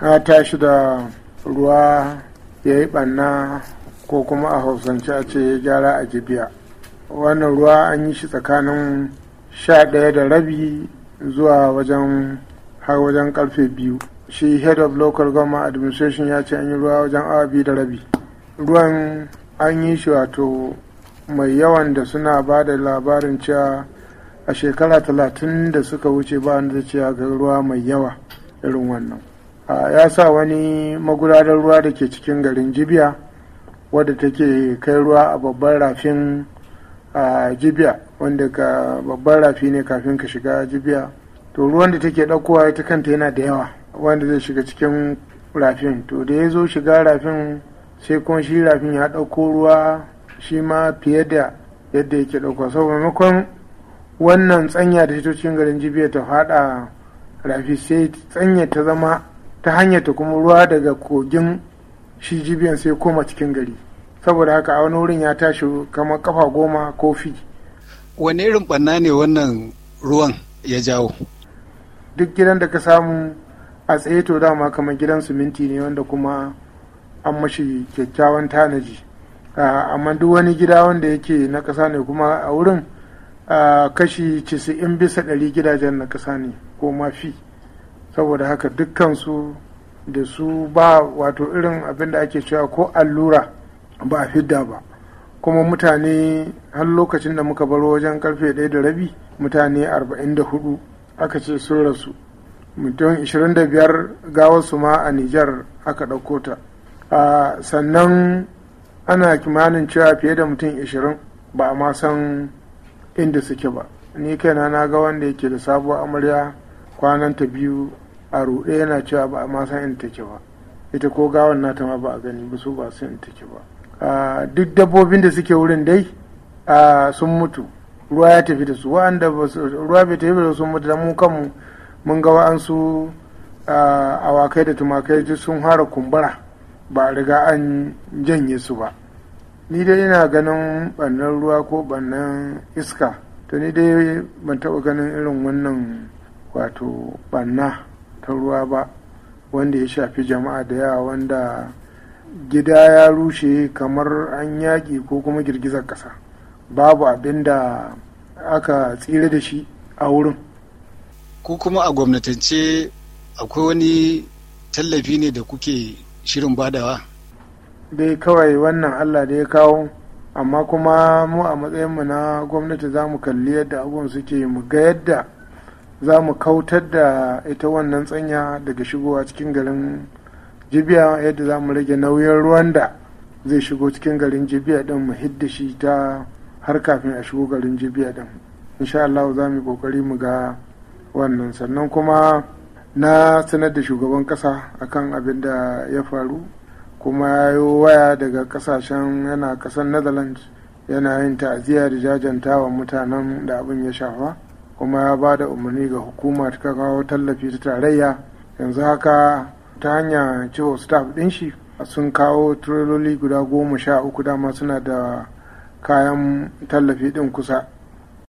a tashi da ruwa ya yi ɓanna ko kuma a hausance a ce ya gyara a jibiya wannan ruwa an yi shi tsakanin sha ɗaya da rabi zuwa wajen har wajen karfe biyu shi head of local government administration ya ce an yi ruwa wajen awa biyu da rabi ruwan an yi shi wato mai yawan da suna ba da labarin cewa a shekara talatin da suka wuce ba da cewa ga ruwa mai yawa irin wannan Ah, ya sa wani magudanar ruwa da ke cikin garin jibiya wadda take kai ruwa a babban rafin ah, jibiya wanda ka babban rafi ne kafin ka shiga jibiya to ruwan da take ɗaukowa ita kanta yana da yawa wanda zai shiga cikin rafin to da ya zo shiga rafin sai kuma shi rafin ya ɗauko ruwa shi ma fiye da yadda yake ɗauko saboda maimakon wannan tsanya da ta cikin garin jibiya ta faɗa rafi sai tsanya ta zama ta hanyar ta kuma ruwa daga kogin shi jibiyan sai koma cikin gari saboda haka a wani wurin ya tashi kamar kafa goma ko fi Wani irin ɓanna ne wannan ruwan ya jawo duk gidan da ka samu a tsaye to dama kamar gidan siminti ne wanda kuma an mashi kyakkyawan tanaji amma duk wani gida wanda yake na ƙasa ne kuma a wurin kashi 90 bisa ɗari gidajen na ƙasa ne ko ma fi saboda haka dukkansu da su ba wato irin abin da ake cewa ko allura ba a fidda ba kuma mutane har lokacin da muka baro wajen karfe ɗaya da rabi mutane arba'in da hudu aka ce sun rasu mutum ishirin da 25 gawarsu ma a nijar aka ɗauko ta sannan ana kimanin cewa fiye da mutum ishirin ba a ma san inda suke ba ni kaina na ga wanda yake da sabuwar amarya kwananta biyu a ruɗe yana cewa ba a masa in take ba ita ko gawan nata ma ba a gani ba su ba su in take ba duk dabbobin da suke wurin dai sun mutu ruwa ya tafi da su wa'anda ruwa bai tafi da su mutu da mu kanmu mun ga wa'ansu awakai da tumakai duk sun fara kumbura ba a riga an janye su ba ni dai ina ganin bannan ruwa ko bannan iska to ni dai ban taɓa ganin irin wannan wato banna ta ruwa ba wanda ya shafi jama'a da yawa wanda gida ya rushe kamar an yaƙi ko kuma girgizar ƙasa babu abin da aka tsira da shi a wurin ko kuma a gwamnatance akwai wani tallafi ne da kuke shirin badawa dai kawai wannan allah da ya kawo amma kuma mu a matsayinmu na gwamnati za mu kalli yadda abubuwan suke mu ga yadda za mu kautar da ita wannan tsanya daga shigowa cikin garin jibiya yadda za mu rage nauyin ruwan da zai shigo cikin garin jibiya din mu hidda shi ta har kafin a shigo garin jibiya din insha Allah za mu kokari mu ga wannan sannan kuma na sanar da shugaban kasa akan abin da ya faru kuma ya yi waya daga kasashen yana kasar netherlands yana yin ta'aziyya da jajantawa mutanen da abin ya shafa kuma ya ba da umarni ga hukuma ta kawo tallafi ta tarayya yanzu haka ta hanya cewa staff din shi sun kawo tureloli guda goma sha uku dama suna da kayan tallafi din kusa